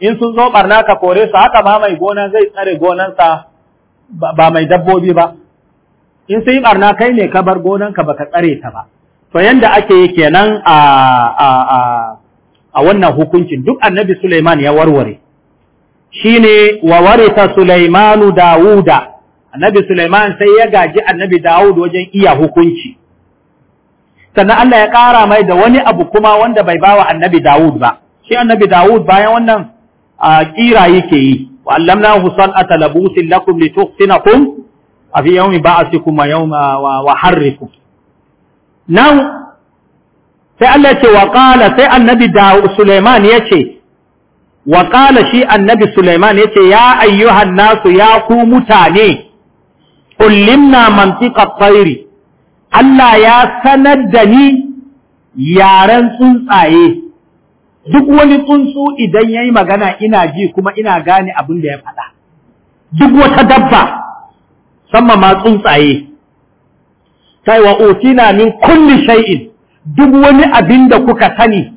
in sun zo barna ka kore su haka ma mai gona zai tsare gonansa ba mai dabbobi ba in sai barna kai ne ka bar gonanka baka tsare ta ba to yanda ake yi kenan a a a a wannan hukuncin duk annabi Sulaiman ya warware shine wa warisa Sulaimanu Dawuda annabi Sulaiman sai ya gaji annabi Dawud wajen iya hukunci sannan Allah ya ƙara mai da wani abu kuma wanda bai bawa annabi Dawud ba shi annabi Dawud bayan wannan a kira yake yi wa allamnahu san'ata labusin lakum kun? a fi yawmi ba'asikum wa yawma wa harrikum nan sai Allah ce wa qala sai annabi Dawud Sulaiman yace wa qala shi annabi Suleiman ya ce ya ayyuhan nasu ya ku mutane kullum na mantiqa tsairi Allah ya sanar da ni yaren tsuntsaye, duk wani tsuntsu idan ya yi magana ina ji kuma ina gane abin da ya faɗa. Duk wata dabba, sama ma tsuntsaye, kai wa otina min kulli shay'in duk wani abin da kuka sani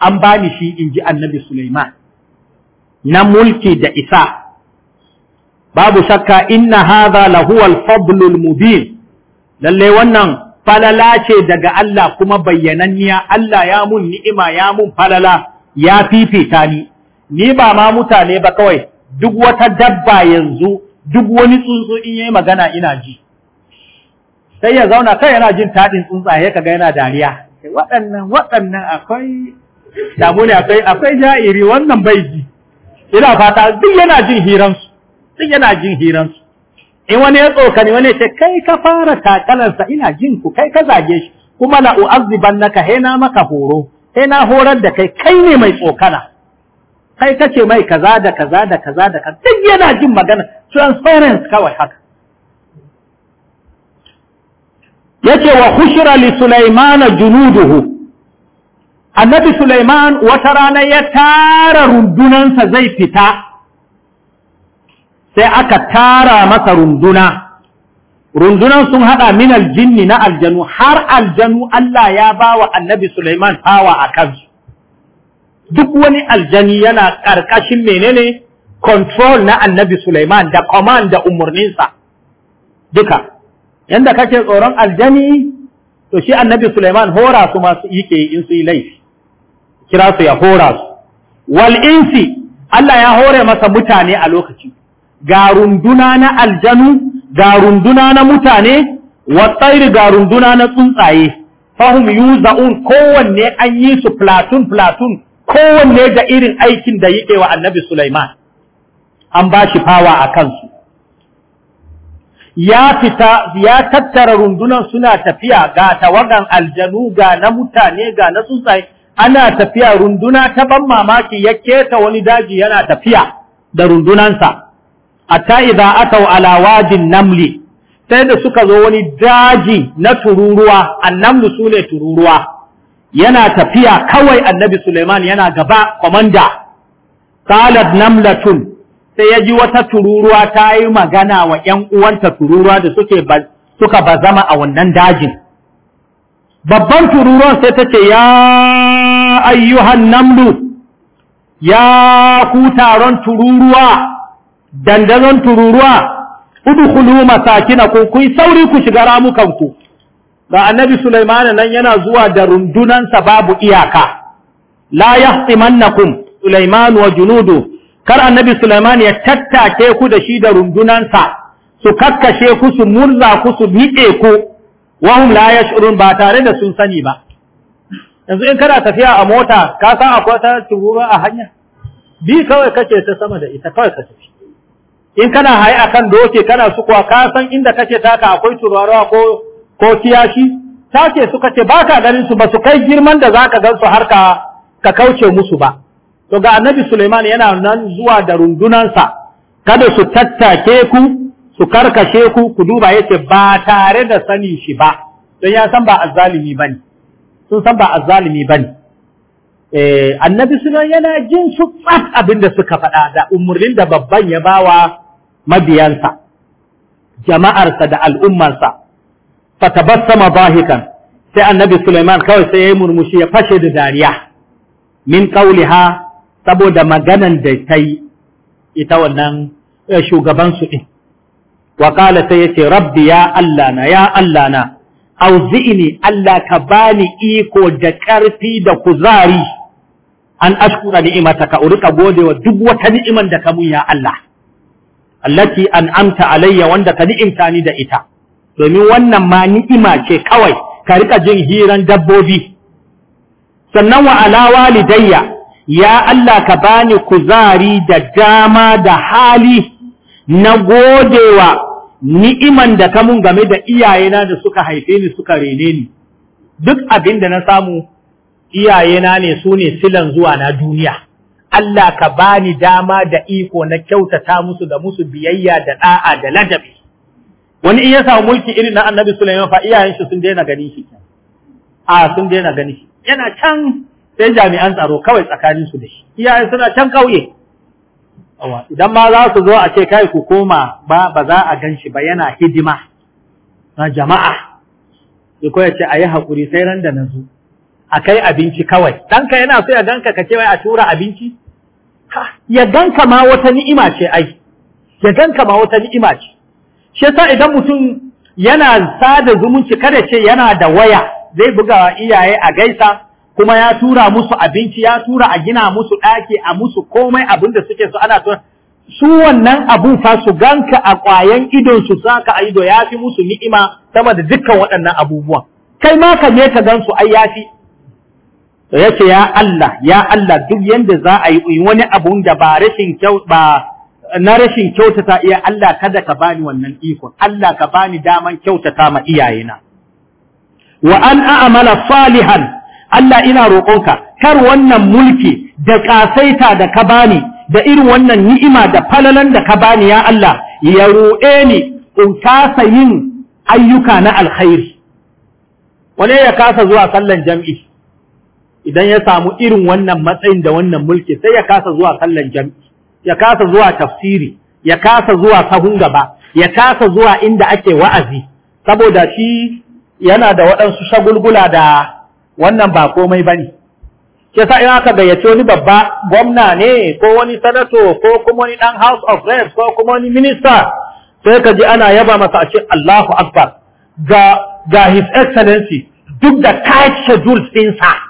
an bani shi in ji annabi Sulaiman na mulki da isa. Babu shakka inna haza lahuwal fadlul mubin. lalle wannan falala ce daga Allah kuma bayyananniya Allah ya mun ni'ima ya mun falala ya fifita ni ni ba ma mutane ba kawai duk wata dabba yanzu duk wani tsuntsu in yayi magana ina ji sai ya zauna kai yana jin tadin tsuntsaye kaga yana dariya waɗannan waɗannan akwai damu ne akwai akwai ja'iri wannan bai ji ina fata duk yana jin hiransu duk yana jin hiransu in wani ya tsokani wani ce kai ka fara takalarsa ina jin ku kai ka zage shi kuma la u'azziban naka he na maka horo he na horar da kai kai ne mai tsokana kai kace mai kaza da kaza da kaza da kaza duk yana jin magana transference kawai haka yace wa khushira li sulaiman junuduhu annabi sulaiman wata rana ya tara rundunansa zai fita sai aka tara masa runduna rundunan sun haɗa min aljinni na aljanu har aljanu Allah ya bawa annabi Sulaiman hawa a kansu duk wani aljani yana ƙarƙashin menene control na annabi Sulaiman da command da umarninsa duka yanda kake tsoron aljani to shi annabi Sulaiman hora su masu yake in su yi laifi kira su ya hora su wal insi Allah ya hore masa mutane a lokaci ga runduna na aljanu ga runduna na mutane wa tsairi ga runduna na tsuntsaye fahim yuza'un kowanne an yi su platun-platun, kowanne da irin aikin da yi wa annabi Sulaiman an ba shi fawa a kansu ya fita ya tattara rundunan suna tafiya ga tawagan aljanu ga na mutane ga na tsuntsaye ana tafiya runduna ta ban mamaki ya keta wani daji yana tafiya da rundunansa ata idza ataw ala wadin namli sai da suka zo wani daji na tururuwa annamlu sune tururuwa yana tafiya kawai annabi Suleiman yana gaba komanda qalat namlatun sai yaji wata tururuwa ta yi magana wa ƴan uwanta tururuwa da suke suka bazama a wannan dajin babban tururuwan sai ta ce ya ayyuhan namlu ya ku taron tururuwa dandazon tururuwa udkhulu masakinakum ku sauri ku shiga ramukanku ga annabi Sulaiman nan yana zuwa da rundunansa babu iyaka la yahtimannakum Sulaiman wa junudu kar annabi Sulaiman ya tattake ku da shi da rundunansa su kakkashe ku su murza ku su bide ku wahum la yash'urun ba tare da sun sani ba yanzu in kana tafiya a mota ka san akwai ta tururu a hanya bi kawai kace ta sama da ita kawai ka tafi in kana haye akan doke kana sukuwa ka san inda kake taka akwai turarawa ko ko kiyashi take suka ce baka ganin su ba su kai girman da zaka gan su har ka ka kauce musu ba to ga annabi Suleiman yana nan zuwa da sa kada su tattake ku su karkashe ku ku duba yace ba tare da sani shi ba don ya san ba azzalimi bane sun san ba azzalimi bane eh annabi Sulaiman yana jin su tsat abin da suka faɗa da umurnin da babban ya bawa mabiyansa jama'arsa da al'ummarsa sama bahikan sai annabi Sulaiman kawai sai ya yi murmushi ya fashe da dariya min qauliha saboda maganan da ta yi ita wannan eh, shugaban su ɗin. Wakala sai yace rabbi ya Allah na ya Allah na auzi'ni Allah ka bani iko da ƙarfi da kuzari an ashkura ka urika gode wa duk wata ni'iman da ka mun ya Allah allati an'amta alayya wanda ka ni'imta ni da ita domin wannan ma ni'ima ce kawai ka rika jin hiran dabbobi sannan wa ala walidayya ya Allah ka bani kuzari da dama da hali na godewa ni'iman da ka mun game da iyayena da suka haife ni suka rene ni duk abin da na samu iyayena ne su ne silan zuwa na duniya Allah ka bani dama da iko na kyautata musu da musu biyayya da da'a da ladabi wani in ya samu mulki irin na Annabi Sulaiman fa iyayen shi sun daina gani shi a sun daina gani shi yana can sai jami'an tsaro kawai tsakanin su da shi iyayen suna can kauye idan ma za su zo a ce kai ku koma ba ba za a gan shi ba yana hidima na jama'a sai ko ya ce ayi hakuri sai ran da na zo a kai abinci kawai ɗanka yana so ya ganka ka ce wai a tura abinci ya ganka ma wata ni'ima ce ai ya ganka ma wata ni'ima ce shi yasa idan mutum yana sada zumunci kada ce yana da waya zai buga iyaye a gaisa kuma ya tura musu abinci ya tura a gina musu ɗaki a musu komai abin da suke so ana tura su wannan abun fa su ganka a ƙwayan idon su saka a ido ya fi musu ni'ima sama da dukkan waɗannan abubuwan kai ma ka je ka gan su ai ya fi ya ce ya Allah ya Allah duk yanda za a yi wani abun da ba rashin kyau ba na rashin kyautata iya Allah kada ka bani wannan ikon Allah ka bani daman kyautata ma iyayena wa an a'mala salihan Allah ina roƙonka kar wannan mulki da kasaita da ka bani da irin wannan ni'ima da falalan da ka bani ya Allah ya roƙe ni in kasa yin ayyuka na alkhairi wani ya kasa zuwa sallan jam'i idan ya samu irin wannan matsayin da wannan mulki sai ya kasa zuwa kallon jam'i, ya kasa zuwa tafsiri ya kasa zuwa sahun gaba ya kasa zuwa inda ake wa'azi saboda shi yana da waɗansu shagulgula da wannan ba komai bane ke sa in aka gayyace wani babba gwamna ne ko wani sanato ko kuma wani dan house of reps ko kuma wani minister sai ka ji ana yaba masa a ce Allahu akbar ga his excellency duk da tight schedules ɗinsa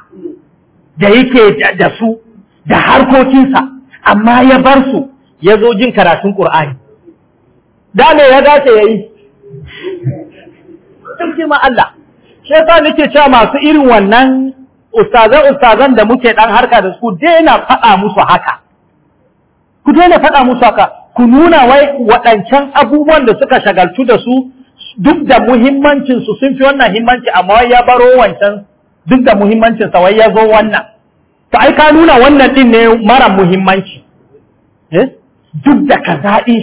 da yake da su da harkokinsa amma ya bar su ya zo jin karatun Qur'ani da me ya dace yayi sai ma Allah shi yasa nake cewa masu irin wannan ustazan ustazan da muke dan harka da su daina faɗa musu haka ku daina faɗa musu haka ku nuna wai waɗancan abubuwan da suka shagaltu da su duk da muhimmancinsu sun fi wannan himmanci amma ya baro wancan duk da muhimmancin sa wai ya zo wannan to ai ka nuna wannan din ne mara muhimmanci eh? duk da ka zaɓi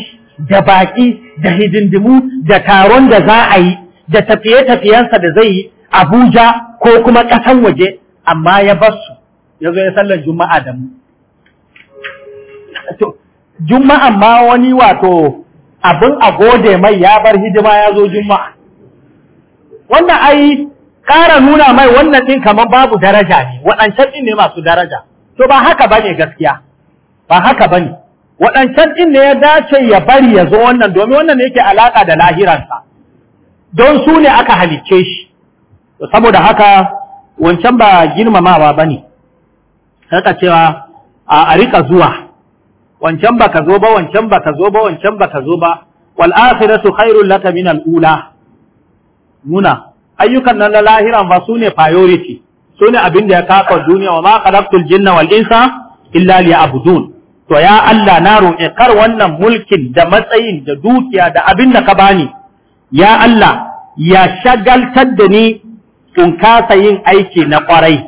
da baƙi da hidindimu da taron da za a yi da tafiye-tafiyensa da zai yi Abuja ko kuma ƙasan waje amma ya bar su ya zo ya sallar juma'a da mu juma'a ma wani wato abin a gode mai ya bar hidima ya zo juma'a wannan ai ƙara nuna mai wannan ɗin kamar babu daraja ne waɗancan ɗin ne masu daraja to ba haka bane gaskiya ba haka bane waɗancan ɗin ne ya dace ya bari ya zo wannan domin wannan ne yake alaƙa da lahiransa don su ne aka halicce shi saboda haka wancan ba girmamawa ba ne haka cewa a rika zuwa wancan ba ka zo ba wancan ba ka zo ba wancan ba ka zo ba wal'afirasu akhiratu khairul laka min al ula nuna ayyukan nan na lahiran ba su ne priority su ne abin da ya kafa duniya wa ma khalaqtul jinna wal insa illa liya'budun to ya Allah na roƙe kar wannan mulkin da matsayin da dukiya da abin da ka bani ya Allah ya shagaltar da ni in kasa yin aiki na kwarai,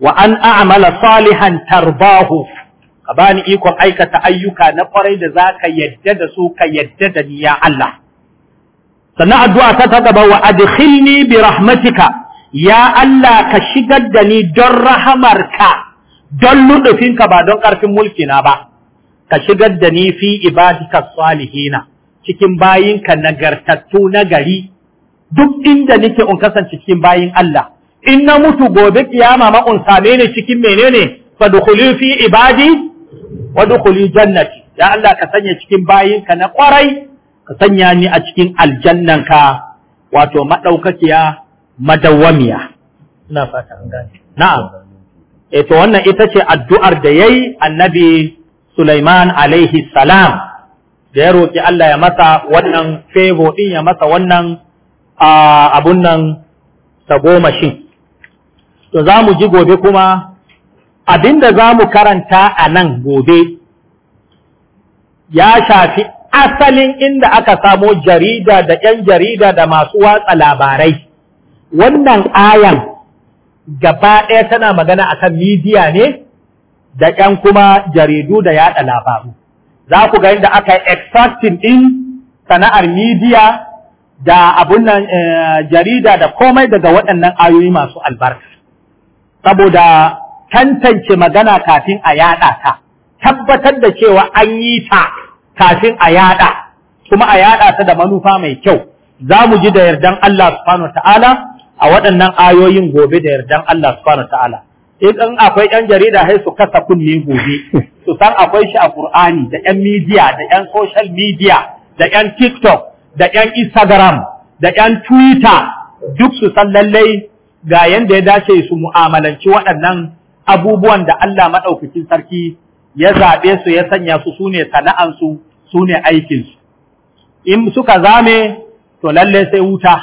wa an a'mala salihan tarbahu ka bani ikon aikata ayyuka na ƙwarai da za ka yadda da su ka yadda da ni ya Allah sannan addu'a ta ta gaba wa bi rahmatika ya Allah ka shigar da ni don rahamarka don ludufinka ba don ƙarfin mulkina ba ka shigar da ni fi ibadika salihina cikin bayinka nagartattu na gari duk inda nake in kasance cikin bayin Allah in na mutu gobe kiyama ma in same ni cikin menene fadkhuli fi ibadi wa dukhuli jannati ya Allah ka sanya cikin bayinka na kwarai ka sanya ni a cikin aljannan ka wato madaukakiya madawamiya. ina fata an gane na'am eh to wannan ita ce addu'ar da yayi annabi Sulaiman alaihi salam da ya roki Allah ya masa wannan favor din ya masa wannan abun nan tagomashin to za mu ji gobe kuma abinda za mu karanta a nan gobe ya shafi asalin inda aka samo jarida da ‘yan jarida da masu watsa labarai. Wannan ayan gaba ɗaya tana magana a kan midiya ne da ‘yan kuma jaridu da yaɗa labaru. Za ku ga inda aka yi extracting ɗin sana'ar midiya da abun nan eh, jarida da komai daga waɗannan ayoyi masu albarka. Saboda tantance magana kafin a yaɗa ta, tabbatar da cewa an yi ta. kafin a yada kuma a yada ta da manufa mai kyau za mu ji da yardan Allah subhanahu ta'ala a waɗannan ayoyin gobe da yardan Allah subhanahu ta'ala in akwai yan jarida sai su kasa kunne gobe su san akwai shi a Qur'ani da yan media da yan social media da yan TikTok da yan Instagram da yan Twitter duk su san lallai ga yanda ya dace su mu'amalanci waɗannan abubuwan da Allah maɗaukakin sarki ya zaɓe su ya sanya su sune sana'ansu su ne su. in suka zame to lalle sai wuta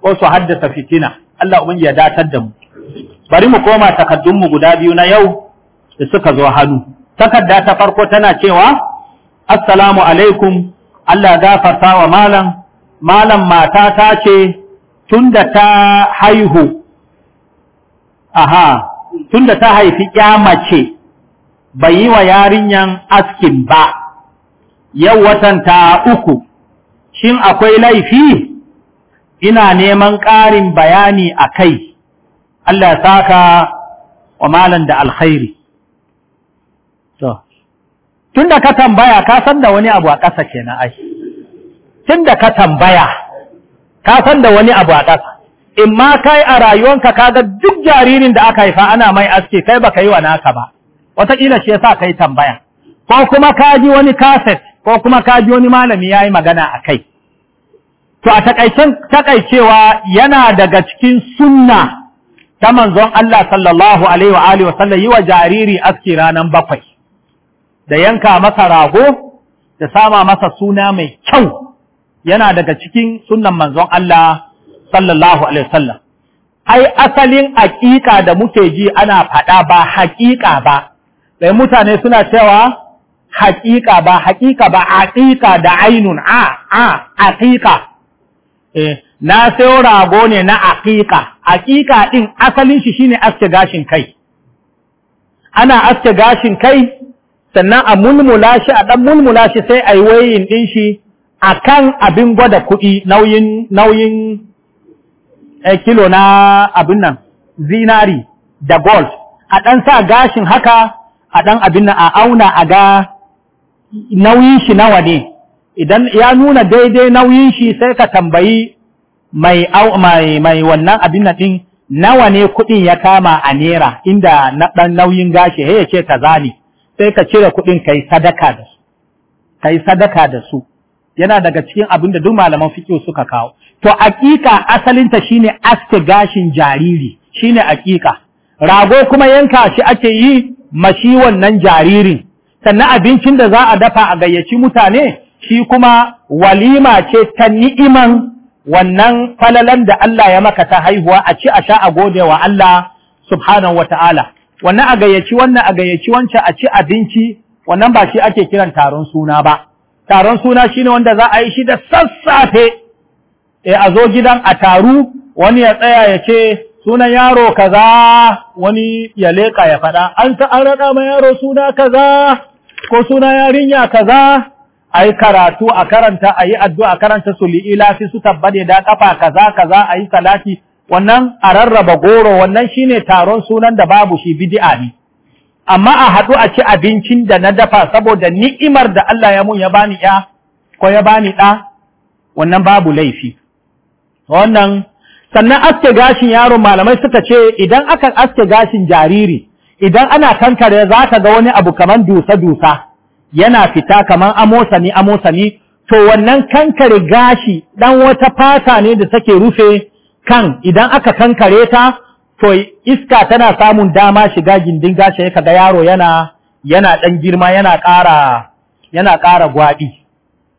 ko su haddasa fitina Allah ubangi ya datar da mu bari mu koma takaddun mu guda biyu na yau da suka zo hannu takadda ta farko tana cewa assalamu alaikum Allah gafarta wa malam malam mata ta ce tunda ta haihu aha tunda ta haifi ya mace bai yi wa yarinyan askin ba yau watan ta uku shin akwai laifi ina neman ƙarin bayani a kai Allah ya saka wa malan da alkhairi to tun da ka tambaya ka san da wani abu a ƙasa ke na ai tun da ka tambaya ka san da wani abu a ƙasa in ma kai a rayuwanka ga duk jaririn da aka haifa ana mai aske kai baka yi wa naka ba wataƙila shi ya sa ka yi tambaya ko kuma ka ji wani kaset ko kuma ka ji wani malami ya yi magana a kai. To a taƙaicen taƙaicewa yana daga cikin sunna ta manzon Allah sallallahu alaihi wa yi wa jariri aski ranar bakwai da yanka masa rago da sama masa suna mai kyau yana daga cikin sunan manzon Allah sallallahu alaihi wasallam ai asalin aƙiƙa da muke ji ana faɗa ba haƙiƙa ba, sai mutane suna cewa haƙiƙa ba haƙiƙa ba aƙiƙa da ainun a a aƙiƙa eh na sayo rago ne na aƙiƙa aƙiƙa ɗin asalin shi shine aske gashin kai ana aske gashin kai sannan a mulmula shi a ɗan mulmula shi sai a yi wayin ɗin shi akan abin gwada kuɗi nauyin nauyin eh, kilo na abin nan zinari da gold a ɗan sa gashin haka a ɗan abin nan a auna a ga nauyin shi nawa ne idan ya nuna daidai nauyin shi sai ka tambayi mai wannan abin din nawa ne kuɗin ya kama a nera, inda na ɗan nauyin gashi ya ce ta ne sai ka cire kuɗin ka sadaka kai sadaka da su yana daga cikin abin da duk malaman fiqh suka kawo to aƙiƙa asalinta shine aske gashin jariri shine aƙiƙa rago kuma yanka shi ake yi mashi wannan jaririn sannan abincin da za a dafa a gayyaci mutane shi kuma walima ce ta ni'iman wannan falalan da Allah ya maka ta haihuwa a ci a sha a gode wa Allah subhanahu wata'ala wannan a gayyaci wannan a gayyaci wancan a ci abinci wannan ba shi ake kiran taron suna ba taron suna shine wanda za a yi shi da sassafe eh a zo gidan a taru wani ya tsaya ya ce sunan yaro kaza wani ya leka ya faɗa an ta an raɗa ma yaro suna kaza ko suna yarinya kaza a yi karatu a karanta a yi addu'a karanta su li'ila fi su tabbade da kafa kaza kaza a yi salati wannan a rarraba goro wannan shine taron sunan da babu shi bidi'a ne amma a haɗu a ci abincin da na dafa saboda ni'imar da Allah ya mun ya bani ya ko ya bani ɗa wannan babu laifi wannan sannan aske gashin yaron malamai suka ce idan aka aske gashin jariri idan ana kankare za ka ga wani abu kamar dusa-dusa yana fita kamar amosani-amosani to wannan kankare gashi ɗan wata fata ne da take rufe kan idan aka kankare ta to iska tana samun dama shiga gindin gashi ya kaga yaro yana yana ɗan girma yana ƙara yana ƙara gwaɗi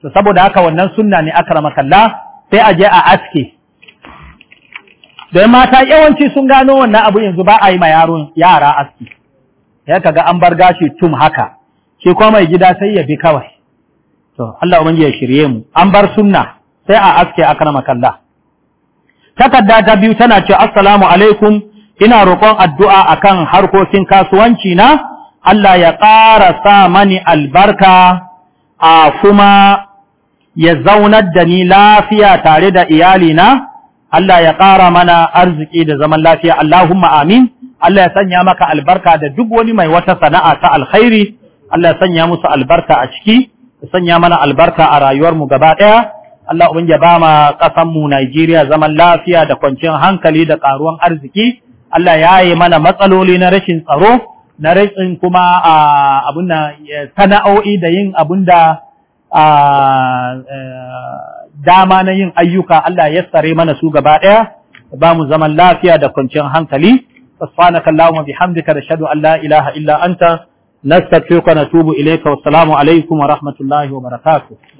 to saboda haka wannan sunna ne akrama kalla sai a je a aske dai mata yawanci sun gano wannan abu yanzu ba a yi ma yaro yara aski ya kaga an bar gashi tum haka shi kuma mai gida sai ya bi kawai to Allah ubangi ya shirye mu an bar sunna sai a aske aka na makalla takarda ta biyu tana ce assalamu alaikum ina roƙon addu'a akan harkokin kasuwanci na Allah ya ƙara sa mani albarka a kuma ya zaunar da ni lafiya tare da iyalina, Allah ya ƙara mana arziki da zaman lafiya, Allahumma amin, Allah ya sanya maka albarka da duk wani mai wata sana'a ta alkhairi Allah ya sanya musu albarka a ciki ya sanya mana albarka a rayuwarmu gaba ɗaya Allah ubin ya ba ma ƙasanmu Najeriya zaman lafiya da kwanciyar hankali da ƙaruwan arziki Allah ya yi mana matsaloli na rashin tsaro na rashin kuma abun da sana'o'i da yin abun da e, dama na yin ayyuka Allah ya tsare mana su gaba ɗaya ba mu zaman lafiya da kwanciyar hankali سبحانك اللهم بحمدك نشهد أن لا إله إلا أنت نستغفرك ونتوب إليك والسلام عليكم ورحمة الله وبركاته